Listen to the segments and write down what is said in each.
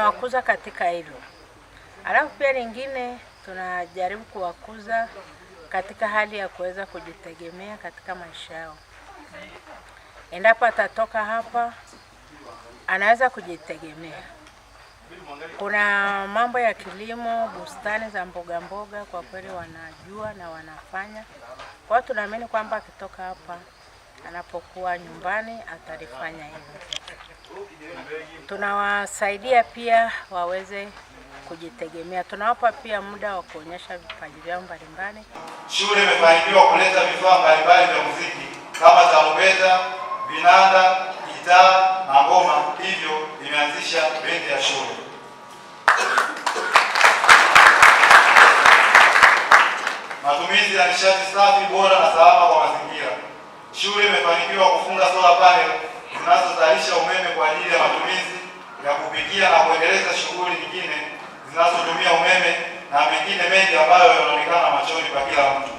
Tunawakuza katika hilo, alafu pia lingine tunajaribu kuwakuza katika hali ya kuweza kujitegemea katika maisha yao. Endapo atatoka hapa, anaweza kujitegemea. Kuna mambo ya kilimo, bustani za mboga mboga, kwa kweli wanajua na wanafanya. Kwa hiyo tunaamini kwamba akitoka hapa, anapokuwa nyumbani atalifanya hivyo. Tunawasaidia pia waweze kujitegemea. Tunawapa pia muda wa kuonyesha vipaji vyao mbalimbali. Shule imefanikiwa kuleta vifaa mbalimbali vya muziki kama tarumbeta, vinanda, gitaa na ngoma, hivyo imeanzisha bendi ya shule. Matumizi ya nishati safi bora na salama kwa mazingira. Shule imefanikiwa kufunga sola panel zinazozalisha umeme kwa ajili ya matumizi ya kupikia na kuendeleza shughuli nyingine zinazotumia umeme na mengine mengi ambayo yanaonekana machoni kwa kila mtu.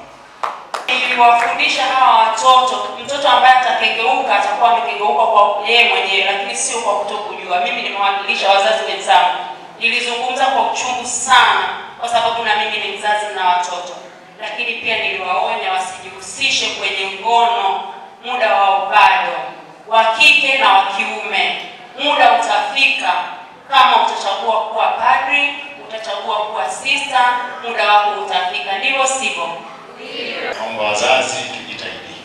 Iliwafundisha hawa watoto, mtoto ambaye atakegeuka atakuwa amekengeuka kwa yeye mwenyewe, lakini sio kwa kutokujua. Mimi nimewakilisha wazazi wenzangu, nilizungumza kwa uchungu sana, kwa sababu na mimi ni mzazi na watoto, lakini pia niliwaonya wasijihusishe kwenye ngono muda wao wa kike na wa kiume. Muda utafika kama utachagua kuwa padri, utachagua kuwa sista, muda wako utafika, ndivyo sivyo? Naomba wazazi tujitahidi,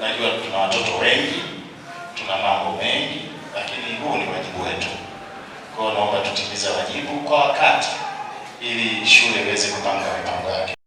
najua tuna watoto wengi, tuna mambo mengi, lakini huu ni wajibu wetu. Kwa hiyo naomba tutimize wajibu kwa wakati, ili shule iweze kupanga mipango yake.